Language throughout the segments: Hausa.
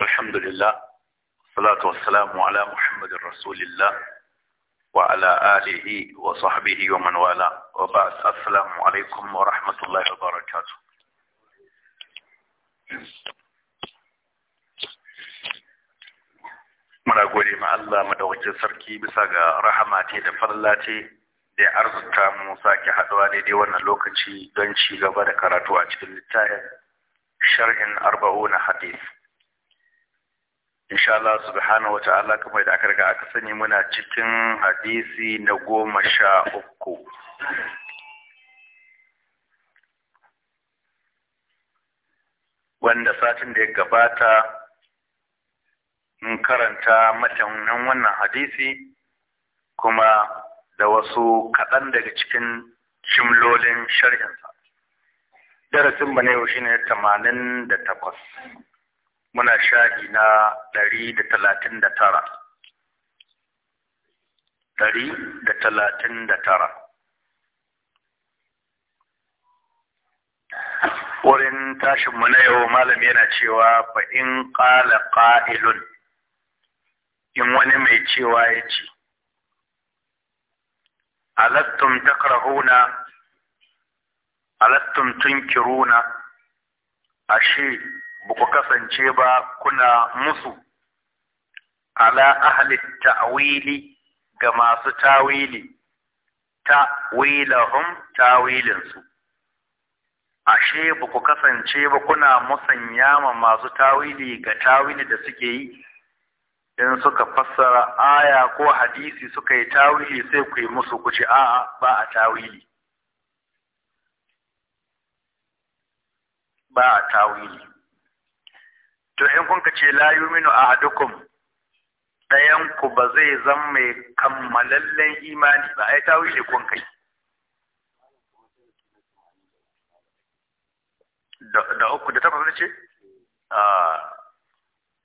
الحمد لله والصلاة والسلام على محمد رسول الله وعلى آله وصحبه ومن والاه وبعد السلام عليكم ورحمة الله وبركاته muna gode ma Allah madawacin sarki bisa ga rahama ce da farla ce da arzuta mu sake haɗuwa daidai wannan lokaci don ci gaba da karatu a cikin littafin sharhin arba'una hadith insha Allah subhanahu wata'ala da aka riga aka sani muna cikin hadisi na goma sha uku wanda satin da ya gabata in karanta matanan wannan hadisi kuma da wasu kaɗan daga cikin shimlolin shari'insa darasin mu na yau shine tamanin da takwas muna shahi na ɗari da talatin da tara ɗari da talatin da tara wurin tashin mu na yau malam yana cewa fa in ƙala ƙa’ilun in wani mai cewa ya ce alattum takarhuna alastum tunkiruna ashe ba ku kasance ba kuna musu ala ahli ta'wili ga masu tawili ta'wilahum tawilinsu ashe ba ku kasance ba kuna musanya ma masu tawili ga tawili da suke yi in suka fassara aya ko hadisi suka yi tawili sai ku yi musu ku ce a'a ba a tawili ba a tawili to in kun ce la yuminu a ɗayan ku ba zai zan mai kammalallen imani ba ai tawili kun kai da uku da takwas ce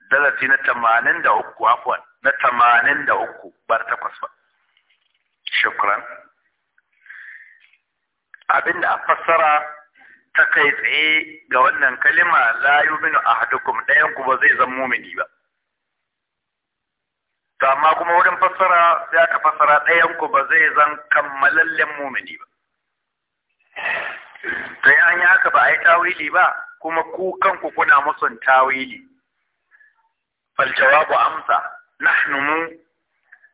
Dalati na tamanin da uku afwan na tamanin da uku ba da takwas ba shukran Abin da a fassara ta kai tsaye ga wannan kalima la yuminu ahadukum ɗayan ku ba zai zan mumini ba to amma kuma wurin fassara sai aka fassara ɗayan ku ba zai zan kammalallen mumini ba to ya an haka ba a yi tawili ba kuma ku kanku kuna musun tawili fal ku amsa nahnu mu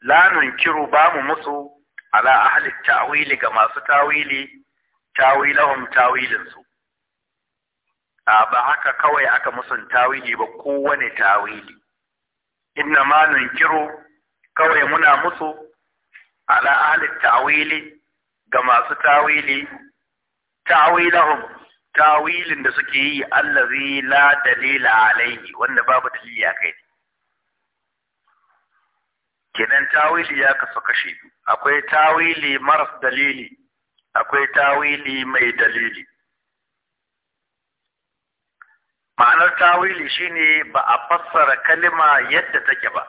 la nunkiru ba mu musu ala ahli tawili ga masu tawili tawilahum tawilinsu. a ba haka kawai aka musun tawili ba kowane tawili inna ma kiro kawai muna musu ala ahli tawili ga masu tawili tawilahum tawilin da suke yi allazi la dalila alaihi wanda babu dalili a kai kenan tawili ya kasu kashe akwai tawili maras dalili akwai tawili mai dalili ma'anar tawili shine ba a fassara kalima yadda take ba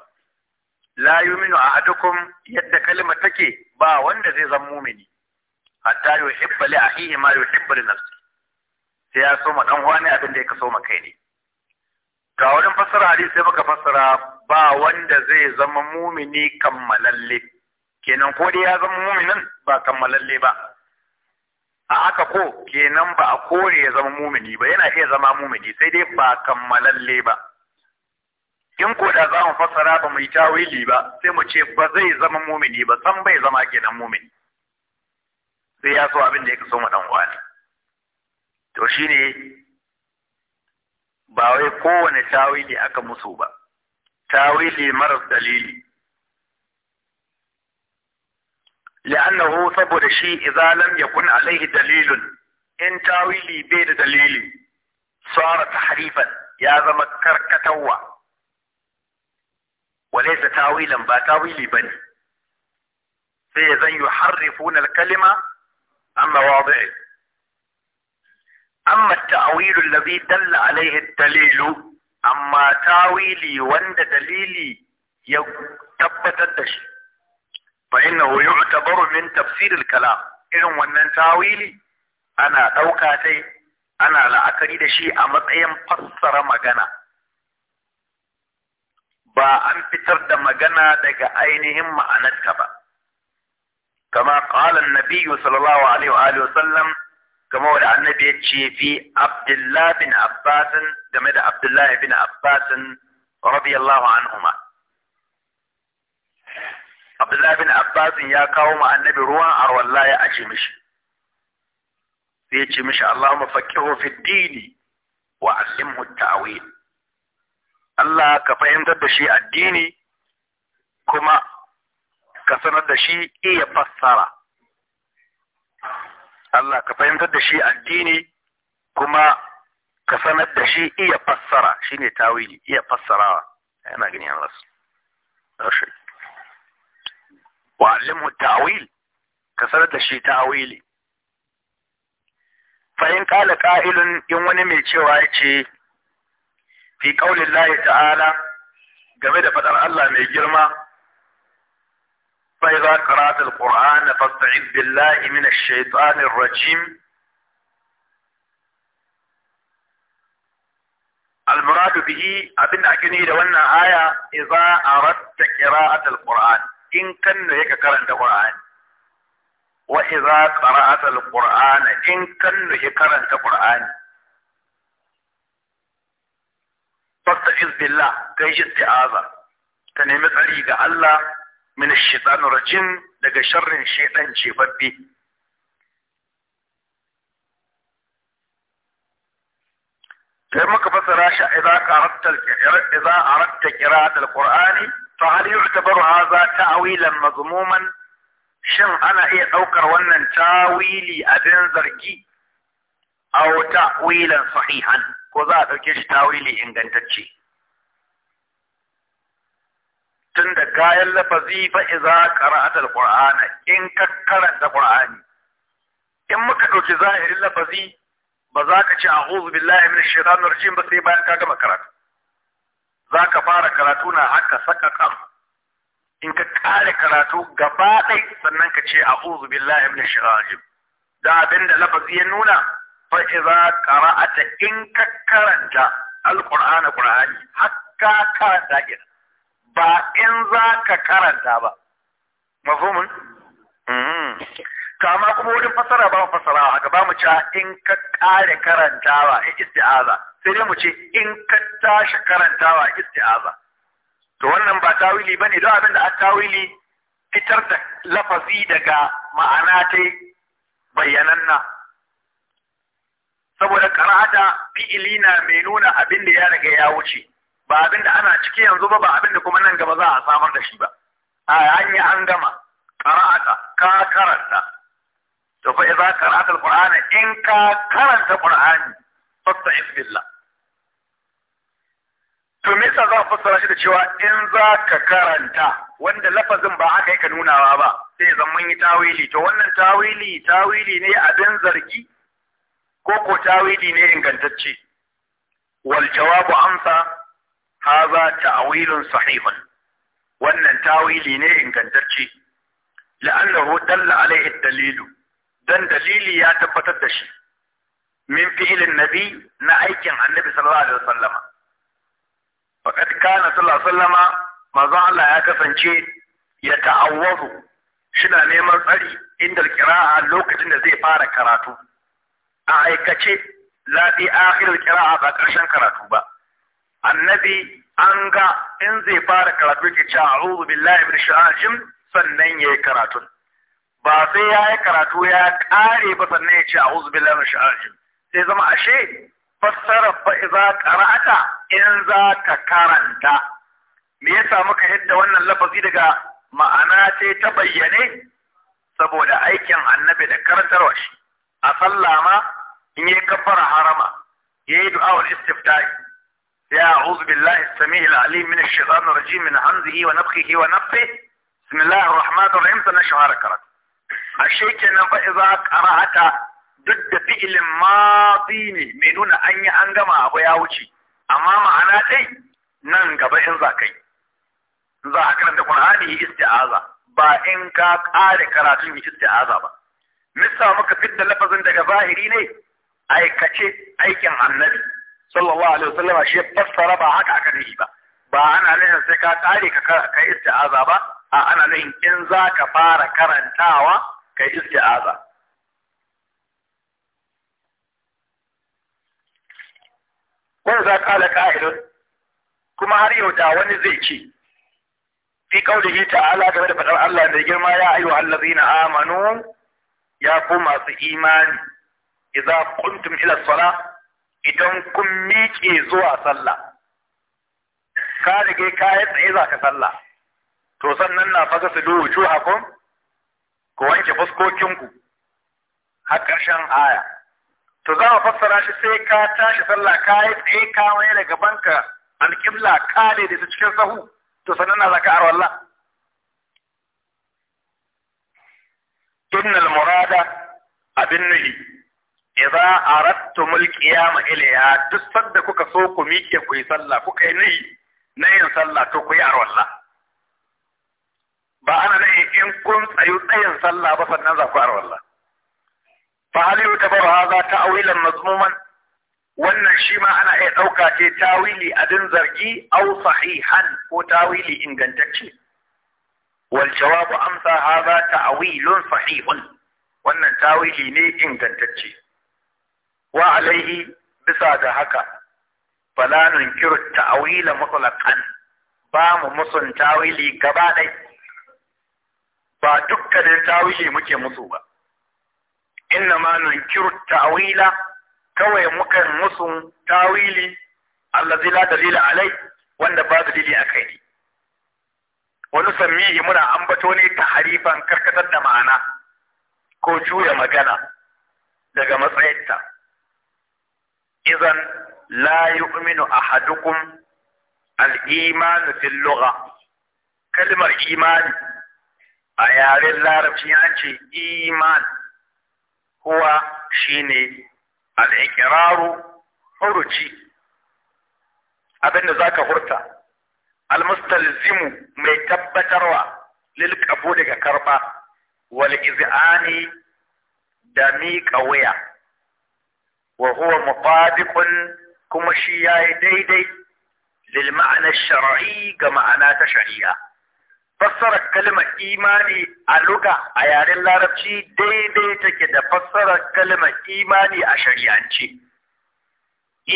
la yuminu ahadukum yadda kalima take ba wanda zai zama mumini hatta hibbali a hihi ma yuhibbu hibbali nafsi sai ya so ma dan wani abin da yake so ma kai ne ga wurin fassara hadisi sai muka fassara ba wanda zai zama mumini kammalalle kenan ko dai ya zama muminin ba kammalalle ba a haka ko kenan ba a kore ya zama mumini ba yana iya zama mumini sai dai ba kammalalle ba in ko da za mu fassara ba mu yi tawili ba sai mu ce ba zai zama mumini ba san bai zama kenan mumini sai ya so abin da ya kaso mu dan wani to shine ba wai kowane tawili aka musu ba tawili maras dalili لأنه ثبت شيء إذا لم يكن عليه دليل إن تاويلي بيد دليلي صار تحريفا يا ذم كركتوا وليس تاويلا با تاويلي بني فإذا يحرفون الكلمة عن مواضعه أما التأويل الذي دل عليه الدليل أما تاويلي وند دليلي يتبتدش fa innahu yu'tabaru min tafsir al-kalam irin wannan tawili ana ɗauka tai ana la'akari da shi a matsayin fassara magana ba an fitar da magana daga ainihin ma'anarta ba kama qala an-nabiy sallallahu alaihi wa alihi wa sallam kama wanda abbas game da abdullah bin Abdullah bin Abbas ya kawo ma annabi ruwan arwalla ya aje mishi sai ya ce mishi Allahumma faqihu fi dini wa allimhu ta'wil Allah ka fahimtar da shi addini kuma ka sanar da shi iya fassara Allah ka fahimtar da shi addini kuma ka sanar da shi iya fassara shine tawili iya fassarawa yana gani Allah su wa allimhu ta'wil ka sanar da shi ta'wili fa in qala qa'ilun in wani mai cewa yace fi qaulin lahi ta'ala game da fadar Allah mai girma fa idza qara'ta al-qur'ana fasta'id billahi min ash-shaytanir rajim المراد به أبن أكني لو آية إذا أردت قراءة القرآن in kan da yake karanta Qur'ani wa idza qara'ata al-Qur'ana in kan da yake karanta Qur'ani fasta'iz billah kai shi isti'aza ka nemi tsari ga Allah min ash-shaytanir rajim daga sharrin shaytan jebabbe sai muka fasara shi idza qara'ta idza aradta qira'at al-Qur'ani to hal yu'tabaru hadha ta'wilan mazmuman shin ana iya daukar wannan tawili abin zargi aw ta'wilan sahihan ko za a dauke shi tawili ingantacce Tunda da kayan lafazi fa iza qara'ata alqur'ana in ka karanta qur'ani in muka dauki zahirin lafazi ba za ka ce a'udhu billahi minash shaitanir rajim ba sai bayan ka gama karatu za ka fara karatu na haka saka in ka kare karatu gaba ɗai sannan ka ce a'udhu billahi min shirajim da abin da lafazi ya nuna fa iza qara'ata in ka karanta alqur'ana qur'ani hakka karanta gida ba in za ka karanta ba mafhumun kama mm-hmm. kuma wurin fasara ba mu fasara haka ba mu cewa in ka kare karantawa ya isti'aza sai dai mu ce in ka tashi karantawa isti'aza to wannan ba tawili bane don abin da a tawili fitar da lafazi daga ma'ana ta bayyananna saboda karata fi'ili na mai nuna abin da ya riga ya wuce ba abin da ana ciki yanzu ba ba abin da kuma nan gaba za a samar da shi ba a hanya an gama karata ka karanta to fa idza qara'ata alqur'ana in ka karanta qur'ani fasta'id billah to me yasa za a fassara shi da cewa in za ka karanta wanda lafazin ba aka yi ka nunawa ba sai zan mun yi tawili to wannan tawili tawili ne abin zargi ko ko tawili ne ingantacce wal jawabu amsa hadha ta'wilun sahihun wannan tawili ne ingantacce la'annahu dalla alaihi dalilu dan dalili ya tabbatar da shi min fi'ilin nabi na aikin annabi sallallahu alaihi wasallama faqad kana sallallahu alaihi wasallama manzon Allah ya kasance ya ta'awwazu shina neman tsari inda alqira'a lokacin da zai fara karatu a aikace la bi akhir alqira'a ba ƙarshen karatu ba annabi an ga in zai fara karatu yake cewa a'udhu billahi min sha'ajim sannan yayi karatu ba sai ya yi karatu ya kare ba sannan ya ce a'udhu billahi min sha'ajim sai zama ashe fassara fa iza qara'ata in za ka karanta me yasa muka yadda wannan lafazi daga ma'ana ce ta bayyane saboda aikin annabi da karantarwa shi a sallama in yi kafara harama ya a'udhu billahi as-sami'il 'alim min ash-shaytanir rajim min hamzihi wa nafthihi wa nafthihi bismillahir rahmanir rahim sanan shahara karat ashe kenan fa iza qara'ata duk da fi'ilin maɗi ne mai nuna an yi an gama abu ya wuce amma ma'ana dai nan gaba in za kai za a karanta yi isti'aza ba in ka ƙare karatun yi isti'aza ba misa muka fitta lafazin daga zahiri ne aikace aikin annabi sallallahu alaihi wasallam shi fassara ba haka aka nihi ba ba ana nufin sai ka ƙare ka yi isti'aza ba a ana nufin in za ka fara karantawa yi isti'aza wani za ka ala qa'ilun kuma har yau da wani zai ce fi qaulihi ala game da fadar Allah da girma ya allazi na amanu ya ku masu imani idza kuntum ila sala idan kun miƙe zuwa sallah ka rige ka yi tsaye za ka sallah to sannan na fasa su duhu kun? ku wanke fuskokinku har ƙarshen aya to za a fassara shi sai ka tashi sallah ka yi tsaye ka wani daga banka alƙibla ka ne da ta cikin sahu to sannan na zaka arwallah innal murada abin nuhi idza aradtum alqiyama ilayha duk sanda kuka so ku miƙe ku yi sallah kuka yi nahi na yin sallah to ku yi arwallah ba ana nahi in kun tsayu tsayin sallah ba sannan za ku arwallah fa hal yutabaru hadha ta'wilan wannan shi ma ana iya ɗauka ce tawili abin zargi au sahihan ko tawili ingantacce wal jawabu amsa haza ta'wilun sahihun wannan tawili ne ingantacce wa alaihi bisa ga haka fala nunkiru ta'wila mutlaqan ba mu musun tawili gaba ɗaya ba dukkanin tawili muke musu ba inna ma nunkiru ta'wila kawai mukan musun tawili allazi la dalila alai wanda ba dalili akai ne wani sammihi muna ambato ne ta harifan karkatar da ma'ana ko juya magana daga matsayinta idan la yu'minu ahadukum al-imanu fil lugha kalmar imani a yaren larabci an ce iman kowa shine al huruci furuci abinda zaka hurta al mai tabbatarwa lil qabuli ga karba wal iz'ani da miƙa wuya wa huwa muqadiqun kuma shi yayi daidai lil ma'ana shar'i ga ma'ana ta shari'a Fassara kalmar imani a luga a yaren larabci daidai take da fassara kalmar imani a shari'ance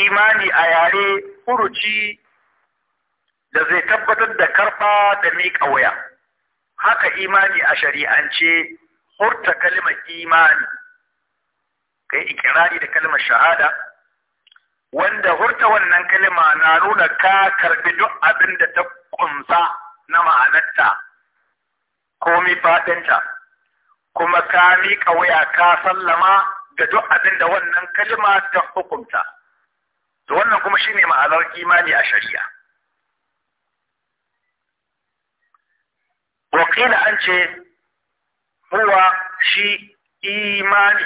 imani a yare furuci da zai tabbatar da karba da miƙa waya haka imani a shari'ance hurta kalmar imani kai ikirari da kalmar shahada wanda hurta wannan kalma na nuna ka karbi duk abin da ta ƙunsa na ma'anarta komi faɗinta kuma ka miƙa waya ka sallama ga duk abin da wannan kalima ta hukunta to wannan kuma shine ma'anar imani a shari'a wakila an ce huwa shi imani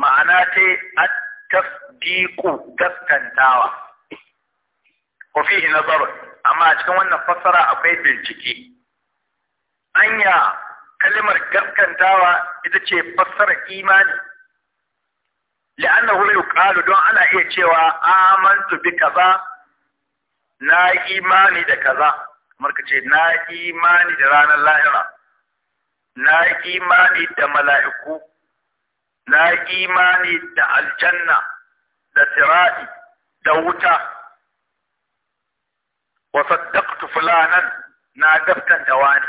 ma'ana ta tasdiqu gaskantawa wa fihi nazar amma a cikin wannan fassara akwai bincike anya kalimar gaskantawa ita ce fassara imani li'annahu yuqalu don ana iya cewa amantu bi kaza na imani da kaza kamar ka ce na imani da ranar lahira na imani da mala'iku na imani da aljanna da sirati da wuta وصدقت فلانا نادفت دواني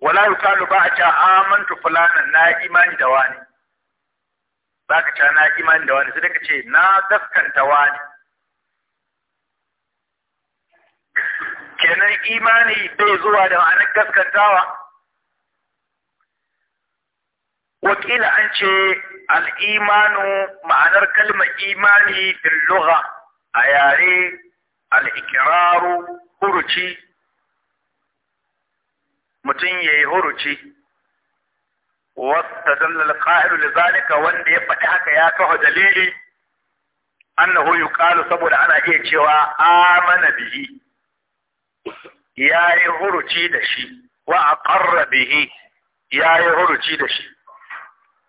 ولا يقال بعد آمنت فلانا نا إيمان دواني بعد نا إيمان دواني سيدك شيء نادفت دواني كان إيماني بيزوا دوا أنا كذك دوا وكيل أنشي الإيمان معنى كلمة إيماني في اللغة أياري al'ikiraru huruci mutum ya yi huruci wata dallal ƙa'iru da zalika wanda ya faɗi haka ya kawo dalili annahu ƙalu saboda ana iya cewa amana bihi ya yi huruci da shi wa a ƙarra bihi ya yi huruci da shi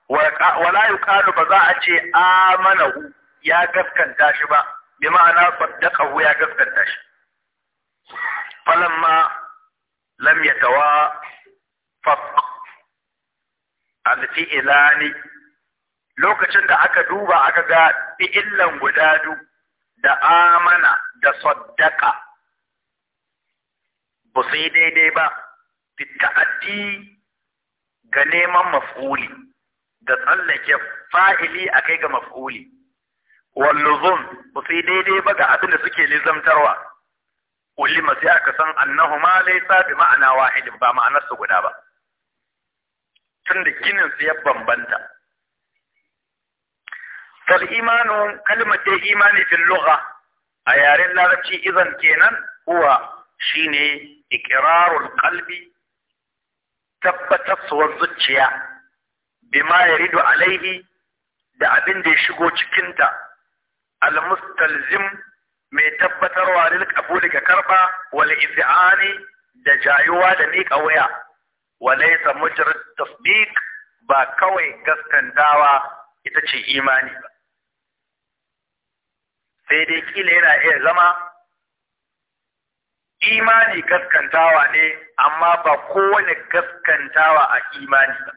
wala ƙalu ba za a ce amanahu ya gaskanta shi ba bi ma'ana saddaqahu ya gaskanta shi falamma lam yatawa faq al-fi'lani lokacin da aka duba aka ga fi'illan guda du da amana da saddaqa ba sai daidai ba fi ta'addi ga neman maf'uli da tsallake fa'ili kai ga maf'uli walluzum ba sai daidai ba ga abin da suke nizamtarwa ulima sai aka san annahu ma laysa bi ma'ana wahidin ba ma'anar su guda ba tunda ginin su ya bambanta fal imanu kalmar dai imani fil lugha a yaren larabci izan kenan uwa shine iqrarul qalbi tabbatarsuwar zuciya bima yaridu alaihi da abin da ya shigo cikinta al-mustalzim mai tabbatarwa lil qabuli ka karɓa Wani iz'ani da jayuwa da miƙa waya wa laysa mujrad tasdiq ba kawai gaskantawa ita ce imani ba sai dai kila yana iya zama imani gaskantawa ne amma ba kowane gaskantawa a imani ba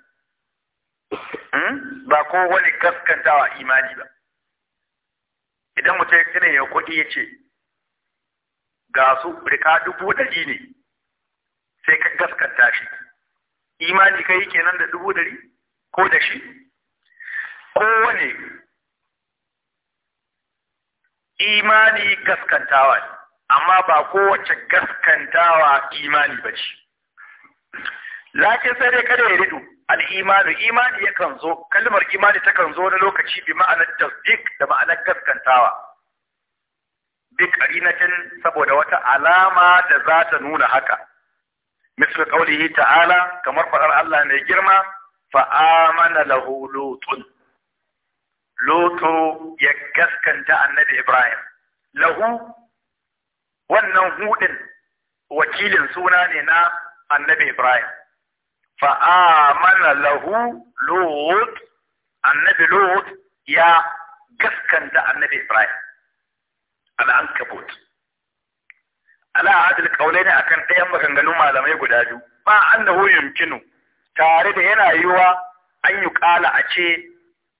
hmm? ba kowane gaskantawa a imani ba idan mutum ya kina ya kuɗi ya ce ga su rika dubu ɗari ne sai ka gaskanta shi imani ka yi kenan da dubu ɗari ko da shi kowane imani gaskantawa ne amma ba kowace gaskantawa imani ba ce lakin sai dai kada ya ridu al-imanu imani yakan zo kalmar imani takan zo na lokaci bi ma'anar tasdik da ma'anar gaskantawa bi qarinatin saboda wata alama da za ta nuna haka misal qaulihi ta'ala kamar faɗar Allah mai girma fa'amana amana lahu lutun ya gaskanta annabi Ibrahim lahu wannan hudin wakilin suna ne na annabi Ibrahim fa'amana lahu lut annabi lut ya gaskanta annabi ibrahim al'ankabut ala hadil kaulai ne akan ɗayan maganganun malamai guda biyu ba annahu yumkinu tare da yana yiwa an yi ƙala a ce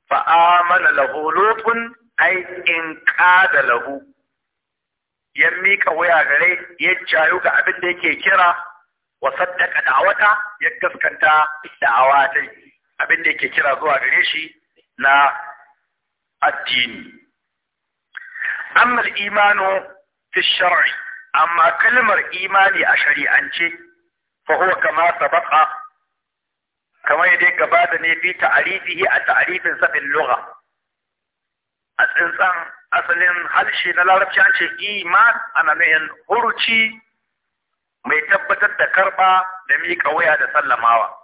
fa'amana lahu lutun ai in ƙada lahu ya mika wuya gare ya cayu ga abin da yake kira wa saddaqa da'wata ya gaskanta da'awa ta abin da yake kira zuwa gare shi na addini amma imanu fi shar'i amma kalmar imani a shari'ance fa huwa kama sabaqa kamar yadda gabata ne fi ta'arifihi a tarifin sa bil lugha a tsintsan asalin halshe na larabci an ce iman ana nayin hurci mai tabbatar da karɓa da miƙa waya da sallamawa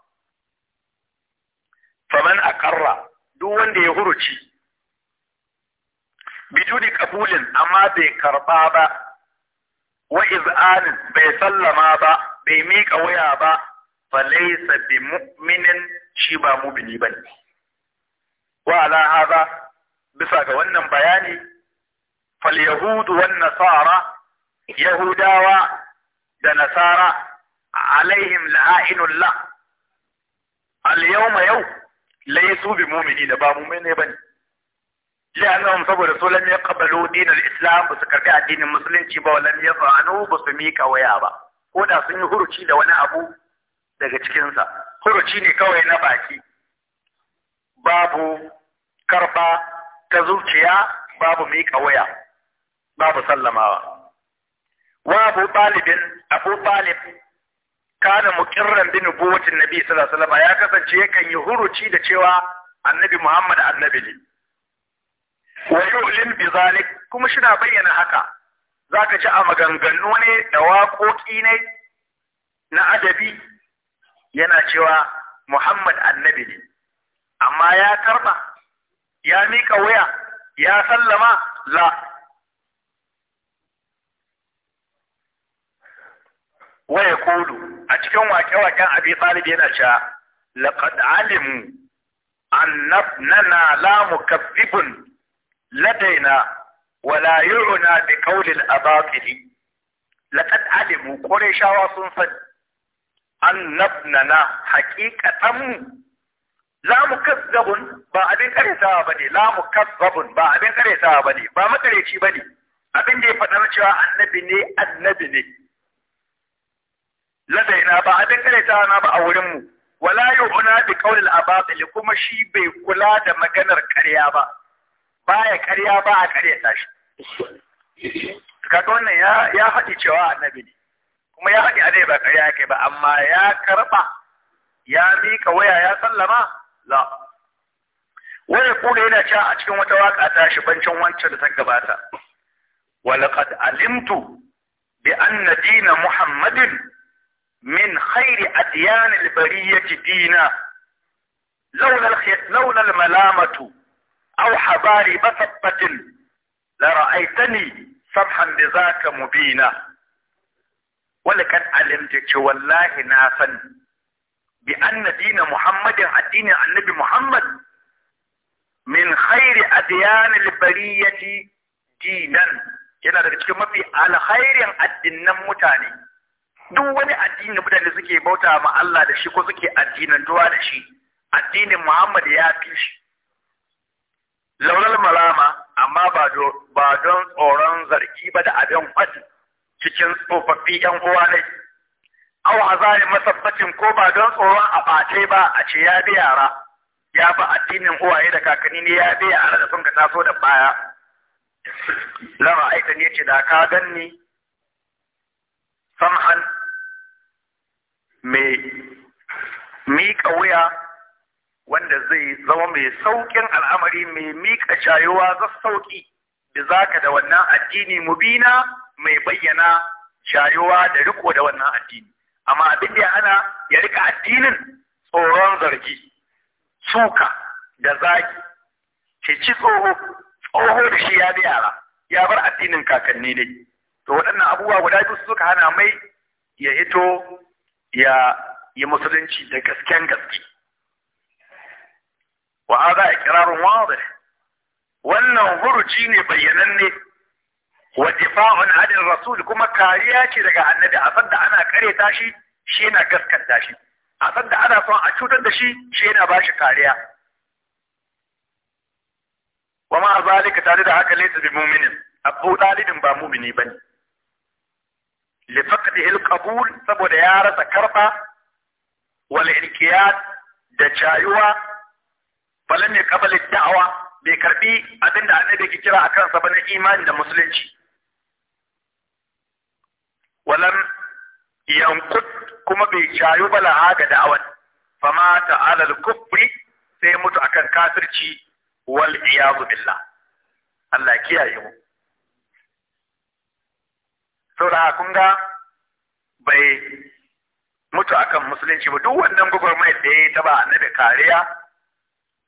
faman ƙarra, duk wanda ya huruci bijudi ƙabulin amma bai karɓa ba wa iz'anin bai sallama ba bai miƙa waya ba falaisa bi mu'minin shi ba mubini ne. wa ala bisa ga wannan bayani fal yahudu wan nasara yahudawa da nasara alaihim la. al-yawma yau laysu bi da ba ne. bane لأنهم saboda su lam yaqbalu din islam ba su karbi addinin musulunci ba walam yafanu ba su mika waya ba ko da sun yi huruci da wani abu daga cikin sa huruci ne kawai na baki babu karba ta zuciya babu mika waya babu sallamawa wa abu talibin abu talib kana muqirran bi nubuwatin nabi sallallahu alaihi wasallam ya kasance yakan yi huruci da cewa annabi Muhammad annabi ne wa yu'lin bi zalik kuma shina bayyana haka zaka ci a maganganu ne da waƙoƙi ne na adabi yana cewa Muhammad annabi ne amma ya karba ya mika waya ya sallama la wa Kulu, a cikin waƙe-waƙen Abi Talib yana cewa laqad alimu annana la mukaththibun ladaina wa la yu'na bi qawli al-abatil laqad alimu qurayshawa sun san annabnana haqiqatan la mukaththibun ba abin karetawa bane la mukaththibun ba abin karetawa bane ba makareci bane abin da ya faɗa cewa annabi ne annabi ne ladaina ba abin karanta na ba a wurin mu wala yu'na bi qawli al-abatil kuma shi bai kula da maganar ƙarya ba baya ƙarya ba a ƙaryata shi kaga wannan ya ya haɗi cewa annabi ne kuma ya haɗi annabi ba ƙarya yake ba amma ya karɓa ya mika waya ya sallama la Wani kuma yana cewa a cikin wata waka ta shi bancin wancan da ta gabata wa laqad alimtu bi anna muhammadin من خير أديان البرية دينا لولا لولا الملامة أو حباري بثبة لرأيتني صبحا بذاك مبينا ولكن علمت والله نافا بأن دين محمد الدين النبي محمد من خير أديان البرية دينا yana daga cikin mafi alkhairin addinan duk wani addini da mutane suke bauta ma Allah da shi ko suke addinin duwa da shi addinin Muhammad ya fi shi launar malama amma ba don tsoron zargi ba da abin kwadi cikin tsofaffi ‘yan uwa ne aw azali masabbacin ko ba don tsoron a bace ba a ce ya bi yara ya bi addinin uwaye da kakanni ne ya bi yara da sun ka taso da baya lama aita ne ce da ka ganni samhan mai miƙa wuya wanda zai zama mai sauƙin al'amari mai mika shayuwa za sauƙi da zaka da wannan addini mubina mai bayyana shayuwa da riko da wannan addini amma abin da ya hana ya rika addinin tsoron zargi suka da zaki ke ci tsoho tsoho da shi ya bi yara ya bar addinin kakanni ne to waɗannan abubuwa guda biyu suka hana mai ya hito ya yi musulunci da gasken gaske wa za a kirarun wadih wannan huruci ne bayyananne wa difa'un hadin rasul kuma kariya ce daga annabi a da ana kare ta shi shi yana gaskanta shi a sanda ana son a cutar da shi shi yana ba shi kariya wa ma zalika tare da haka laifin bi mu'minin abu ba mu'mini ne. li faqdihi al-qabul saboda ya rasa karba wal inqiyad da cayuwa falan ya qabala da'wa bai karɓi abinda annabi ke kira akan sa bane imani da musulunci Walan yankut kuma bai cayu ba laha ga da'awar fama ta'ala al-kufri sai mutu akan kafirci wal iyadu billah Allah kiyaye mu saboda kun ga bai mutu akan musulunci ba duk wannan gwagwarmayar da ya yi ta ba kariya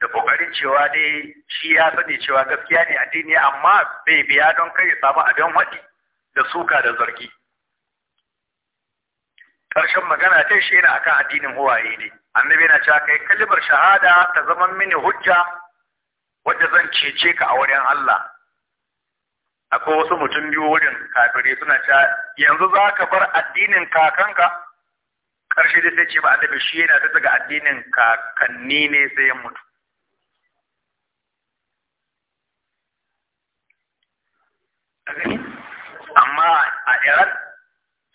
da kokarin cewa dai shi ya sani cewa gaskiya ne addini amma bai biya don kai ya samu abin haɗi da suka da zargi ƙarshen magana ta shi yana akan addinin huwaye ne annabi yana cewa kai kalibar shahada ta zama mini hujja wadda zan cece ka a wurin Allah akwai wasu mutum biyu wurin kafirai suna cewa yanzu za ka bar addinin kakanka ƙarshe da sai ce ba annabi shi yana ta daga addinin kakanni ne sai ya mutu amma a iran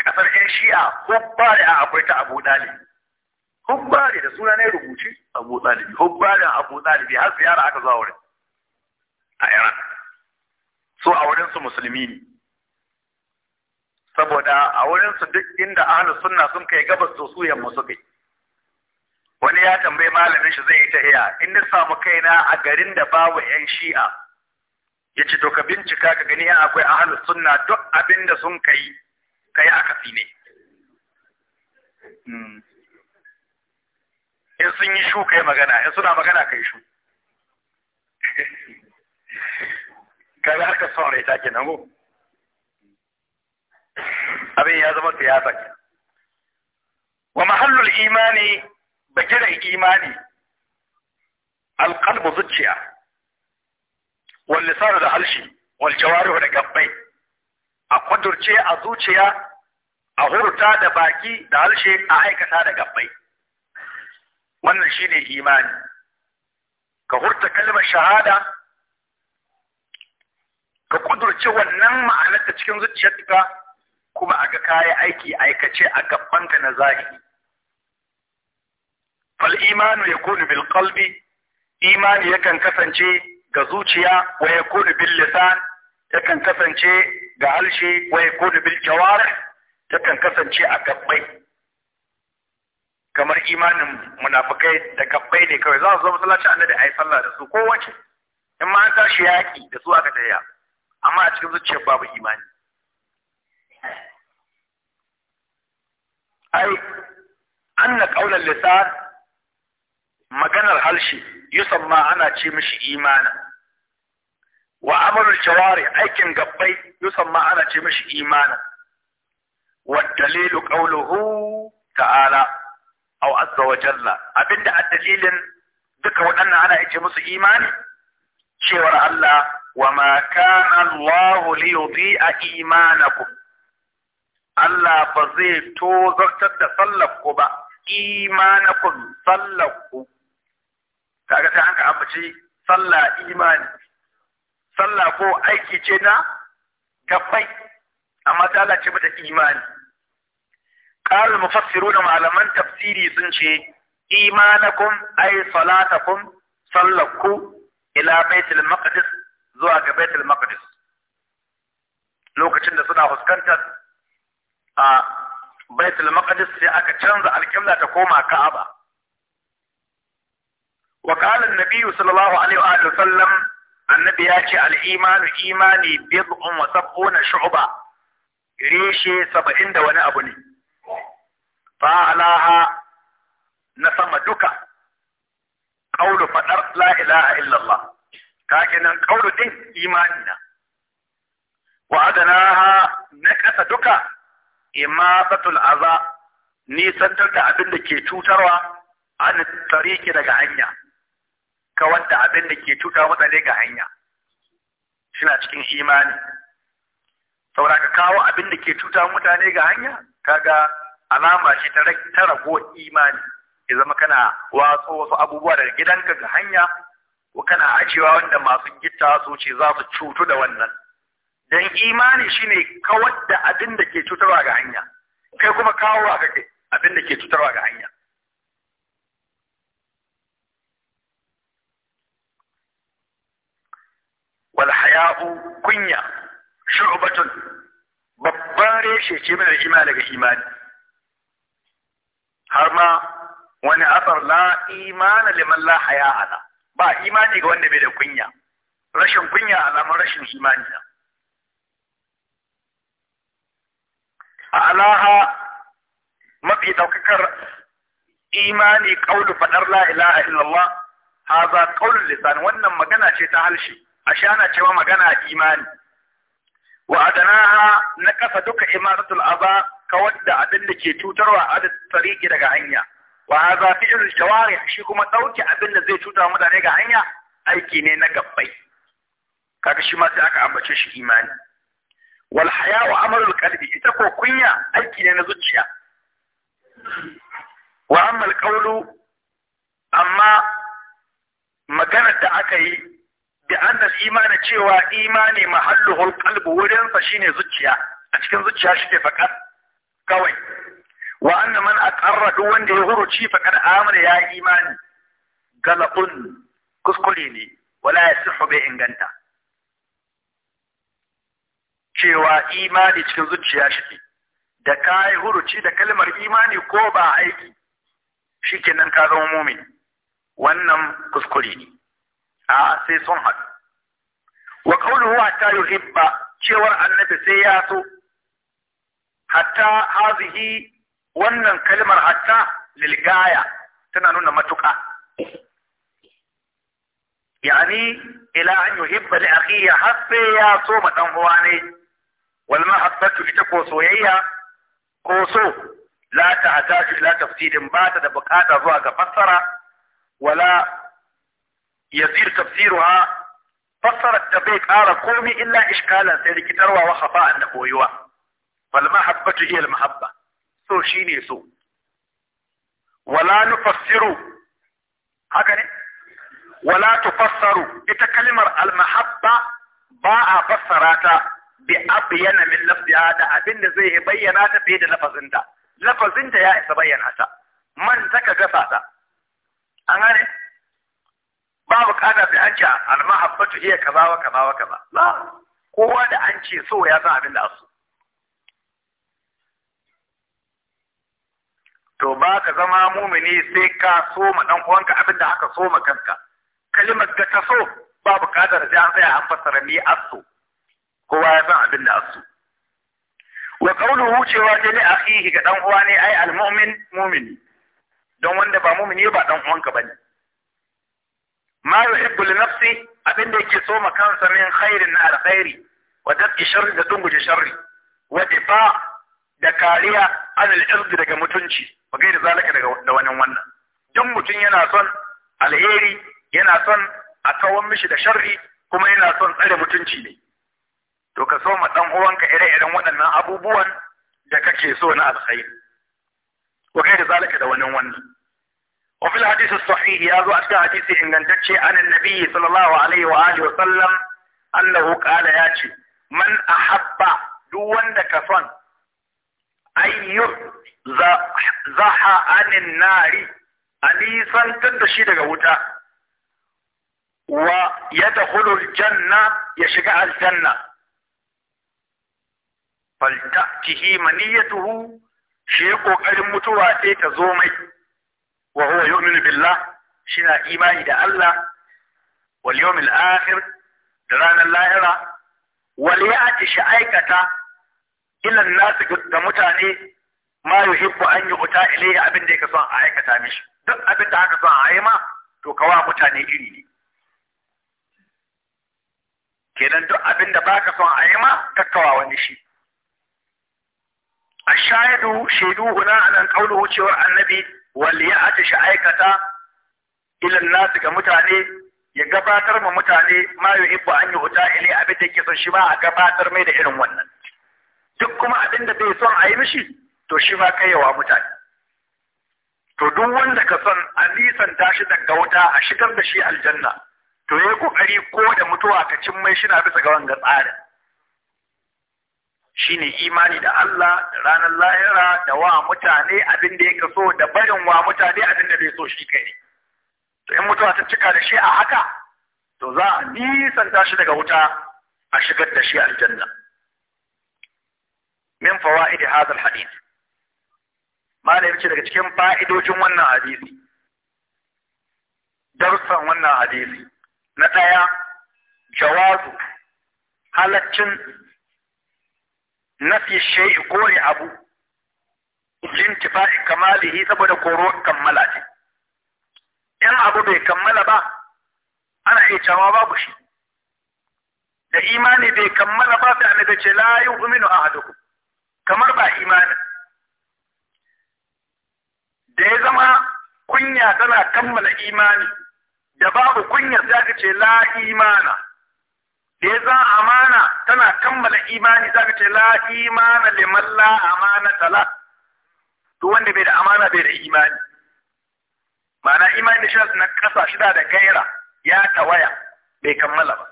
ƙasar yan shi'a hubbari a akwai ta abu dalib hubbari da suna ne rubuci abu dalib hubbari abu dalib har ziyara aka zuwa wurin a iran su a wurin su musulmi ne saboda a wurin su duk inda ahlu sunna sun kai gabas to su yamma su kai wani ya tambayi malamin shi zai yi iya. in na samu kaina a garin da babu yan shi'a ya ce to ka bincika ka gani akwai ahlu sunna duk abin da sun kai kai fi ne hmm. in sun yi shu kai magana in suna magana kai shu kaga haka son rai take nan abin ya zama siyasa wa mahallul imani bagiren imani alqalbu zuciya wal da halshi wal da gabbai a kudurce a zuciya a hurta da baki da halshe a aikata da gabbai wannan shine imani ka hurta kalmar shahada ka kudurce wannan ma'anar ta cikin zuciyarka kuma aga kaya aiki aikace a gabanka na zahiri fal imanu yakunu bil qalbi imani yakan kasance ga zuciya wa yakunu bil lisan yakan kasance ga alshi wa yakunu bil jawarih yakan kasance a gabbai kamar imanin munafikai da gabbai ne kawai za su zama masallaci annabi ayi sallah da su ko wace in ma an tashi yaki da su aka tayar amma a cikin zuciyar babu imani ai anna qaulal lisan maganar halshi yusamma ana ce mishi imana wa amarul jawari aikin gabbai yusamma ana ce mishi imana wa dalilu qauluhu ta'ala aw azza wa jalla abinda addalilin duka waɗannan ana ce musu imani cewar Allah wa ma kana Allahu li yudhi'a imanakum Allah ba zai tozartar da sallarku ba imanakum sallarku kaga ta hanka ambaci sallah imani sallah ko aiki ce na gabbai amma ta Allah ce mata imani qala mufassiruna malaman tafsiri sun ce imanakum ay salatakum sallaku ila baitul maqdis zuwa ga Baitul Maqdis lokacin da suna fuskantar a Baitul Maqdis sai aka canza alƙibla ta koma Ka'aba wa qala an-nabi sallallahu alaihi wa sallam annabi ya ce al-imanu imani bid'un wa sab'una shu'ba reshe saba'in da wani abu ne alaha na sama duka qawlu fadar la ilaha illallah kage nan kaulu din imani na wa adanaha na kasa duka imatatul aza nisantar da abin da ke cutarwa an ki daga hanya ka wanda abin da ke cuta mutane ga hanya suna cikin imani saboda ka kawo abin da ke cuta mutane ga hanya kaga alama ce ta rago imani ya zama kana watsa wasu abubuwa daga gidanka ga hanya ko kana ajewa wanda masu gitta su ce za su cutu da wannan dan imani shine kawar da abin da ke cutarwa ga hanya kai kuma kawo kake abin da ke cutarwa ga hanya wal haya'u kunya shu'batun babban reshe ce mana imani daga imani har ma wani asar la imana liman la haya'a ba imani ga wanda bai da kunya rashin kunya alamar rashin imani A alaha mafi daukakar imani kaulu fadar la ilaha illallah haza kaulu lisan wannan magana ce ta halshi ana cewa magana imani wa adanaha na kasa duka imanatul aza ka da abin da ke cutarwa a da daga hanya wa fi irin shawari shi kuma ɗauke abin da zai cuta mutane ga hanya aiki ne na gabbai kaga shi ma sai aka ambace shi imani wal haya wa amalul qalbi ita ko kunya aiki ne na zuciya wa amma alqawlu amma maganar da aka yi da annal imani cewa imani mahalluhul qalbu wurin fa shine zuciya a cikin zuciya shi ke fakat kawai wa anna man aqarra duk wanda ya huruci kada amana ya imani galabun kuskure ne wala ya sihu bai inganta cewa imani cikin zuciya shi ne. da kai huruci da kalmar imani ko ba aiki shikenan ka zama mumin wannan kuskure ne a sai sun haɗu wa ta yi yuhibba cewar annabi sai ya so hatta hazihi wannan kalmar hatta lilgaya tana nuna matuƙa yani ila an yuhibba li akhiya hatta ya so ma dan uwa ne wal mahabbatu ita ko soyayya ko so la ta hataju ila tafsirin ba ta da bukata zuwa ga fassara wala yazir tafsiruha fassarar ta bai ƙara komi illa iskalan sai rikitarwa wa khafa'an da koyuwa fal mahabbatu hiya al mahabba so shine so wala nufassiru haka ne wala tufassaru ita kalmar almahabba ba a fassara ta bi abyana min lafziha da abin da zai bayyana ta fiye da lafazinta lafazinta ya isa bayyana ta man taka gasa ta an gane ba bukata sai an ce almahabbatu iya kaza wa kaza wa kaza kowa da an ce so ya san abin da asu to ba ka zama mumini sai ka so ma dan uwanka abin da aka so ma kanka kalimar da ka so ba buƙatar sai an tsaya an fassara ni asu kowa ya san abin da asu wa qawluhu cewa ta li akhihi ga dan uwa ne ai al mu'min mumini don wanda ba mumini ba dan uwanka bane ma yuhibbu li nafsi abin da yake so ma kansa min khairin na alkhairi wa dafi sharri da dunguje sharri wa difa da kariya anil irdi daga mutunci ba gaira zalika daga da wannan wannan duk mutum yana son alheri yana son a kawon mishi da sharri kuma yana son tsare mutunci ne to ka so ma dan uwanka ire-iren waɗannan abubuwan da kake so na alkhairi wa gaira zalika da wannan wannan وفي الحديث hadisi ingantacce أشكى حديث sallallahu alaihi wa alihi wa sallam annahu qala ya ce man ahabba duk wanda ka son. ayyur zaha anin nari a nisantar da shi daga wuta wa ya dahulul janna ya shiga aljanna ki maniyatuhu shi ya kokarin mutuwa sai ta zo mai wa huwa yu'minu billah shina imani da Allah wal yawmil akhir da ranar lahira wal ya'ti shi aikata ilan nasu da mutane ma yuhibbu an yu'ta ilayhi abin da yake son a aikata mishi duk abin da aka son a yi ma to kawa mutane iri ne kenan duk abin da baka son a yi ma kakkawa wani shi a sha'idu shaidu huna anan kaulu wucewar annabi wal ya'ati shi aikata ilan nasu ga mutane ya gabatar ma mutane ma yuhibbu an yu'ta ilayhi abin da yake son shi ma a gabatar mai da irin wannan duk kuma abin da bai son a yi mishi to shi ma yawa mutane to duk wanda ka son a nisanta shi daga wuta a shigar da shi aljanna to yayi kokari ko da mutuwa ta cin mai shi na bisa ga wanga tsarin ne imani da Allah da ranar lahira da wa mutane abin da ya kaso da barin wa mutane abin da bai so shi kai to in mutuwa ta cika da shi a haka to za a nisanta shi daga wuta a shigar da shi aljanna min fawaid hadha alhadith malai yace daga cikin fa'idojin wannan hadisi darsan wannan hadisi na daya jawazu halaccin nafi shay'i kore abu lintifa'i kamalihi saboda koro kammala ce in abu bai kammala ba ana iya cewa babu shi da imani bai kammala ba sai annabi ce la yu'minu ahadukum kamar ba imanin da ya zama kunya tana kammala imani da babu kunya za ka ce la imana da ya zama amana tana kammala imani za ka ce la imana liman la amana tala to wanda bai da amana bai da imani ma'ana imani da shi na kasa shida da gaira ya tawaya bai kammala ba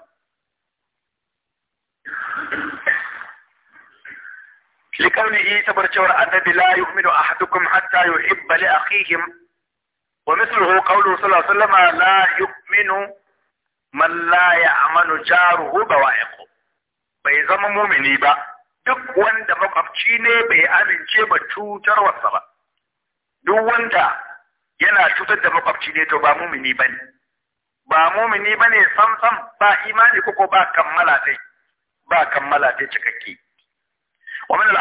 li qawlihi sabar cewar annabi la yu'minu ahadukum hatta yuhibba li akhihim wa mithluhu qawluhu sallallahu alaihi wasallam la yu'minu man la ya'manu jaruhu bawa'iqu bai zama mumini ba duk wanda makwabci ne bai amince ba cutarwarsa ba duk wanda yana cutar da makwabci ne to ba mumini ne. ba mumini ne sam sam ba imani ko ba kammala dai ba kammala dai cikakke wa min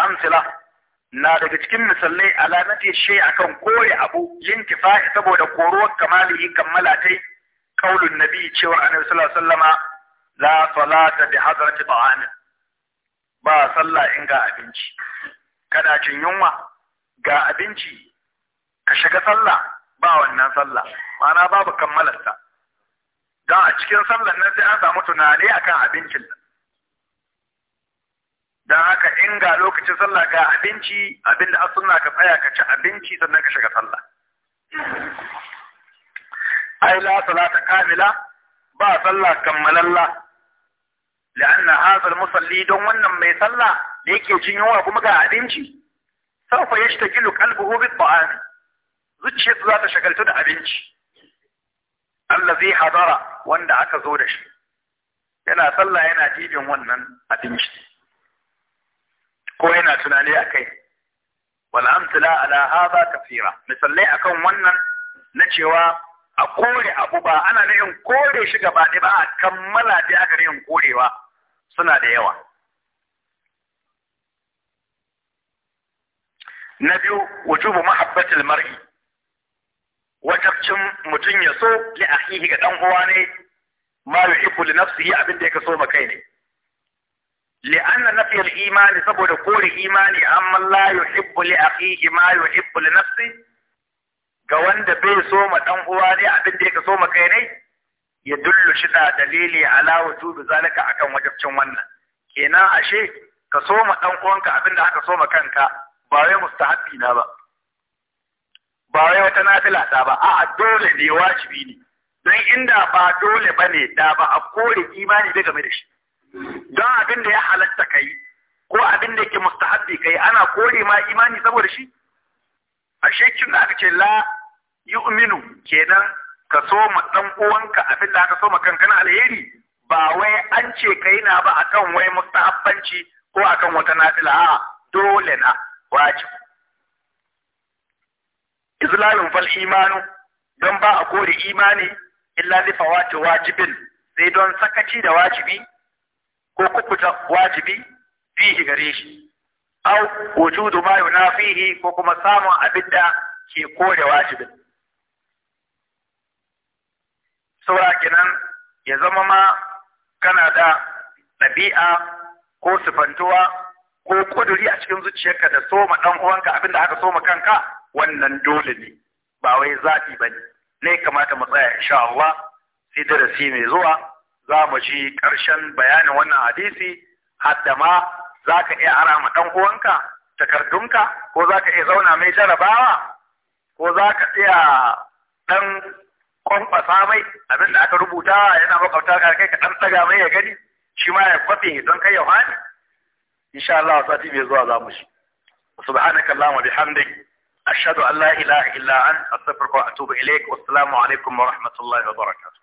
na daga cikin misalai alamati a kan kore abu lintifa'i saboda koruwar yi kammala ta yi. qaulun nabi cewa annabi sallallahu alaihi wasallama la salata bi hadrati ta'am ba sallah in ga abinci kana jin yunwa ga abinci ka shiga sallah ba wannan sallah ma'ana babu kammalarsa don a cikin sallar nan sai an samu tunani akan abincin nan don haka in ga lokacin sallah ga abinci abinda da ka tsaya ka ci abinci sannan ka shiga sallah ai la salata kamila ba sallah kammalalla la'anna hadha musalli don wannan mai sallah da yake jin yunwa kuma ga abinci sawfa kalbu qalbuhu bi ta'am zuciyarsa za ta shagaltu da abinci allazi hadara wanda aka zo da shi yana sallah yana jibin wannan abinci ko yana tunani a kai wal amsala ala hadha kathira misalai akan wannan na cewa a kore abu ba ana nufin kore shi gaba ba a kammala dai aka nufin korewa suna da yawa na biyu wujubu mahabbatil mar'i wajabcin mutum ya so li akhihi ga dan uwa ne ma yuhibbu li nafsihi abin da yake so ma kai ne li'anna nafiyar imani saboda kore imani amma la yuhibbu li akhihi ma yuhibbu li nafsi ga wanda bai so ma dan uwa ne abin da yake so ma kai ne ya dullu shi da dalili ala wujudu zalika akan wajibcin wannan kenan ashe ka so ma dan uwanka abin da aka so ma kanka ba wai mustahabbi na ba ba wai wata nafila ta ba a'a dole ne wajibi ne don inda ba dole bane da ba a kore imani da game da shi don abin da ya halatta kai ko abin da yake mustahabbi kai ana kore ma imani saboda shi ashe kin da aka ce la yu'minu kenan ka so ma dan uwanka abin da aka so ma kanka na alheri ba wai an ce kai na ba akan wai mustahabbanci ko akan wata nafila a dole na wajibi islamin fal imanu don ba a kore imani illa li wajibin sai don sakaci da wajibi ko kubuta wajibi fihi gare shi au wujudu ma yunafihi ko kuma samun abin da ke kore wajibin saura kenan ya zama ma kana da ɗabi'a ko sifantuwa ko kuduri a cikin zuciyarka da soma ɗan uwanka abin da aka soma kanka wannan dole ne ba wai zaɓi ba ne ne kamata mu tsaya insha Allah sai darasi mai zuwa za mu ci ƙarshen bayanin wannan hadisi hadda ma za ka iya ara ma ɗan uwanka takardunka ko za ka iya zauna mai jarabawa ko za ka iya ɗan kwamfasa mai abin da aka rubuta yana makwabta ka kai ka ɗan ɗaga mai ya gani shi ma ya kwafe don kai ya hani insha Allah sati mai zuwa za mu shi subhanakallahumma bihamdik ashhadu an la ilaha illa anta astaghfiruka wa atubu ilaik wassalamu alaikum wa rahmatullahi wa barakatuh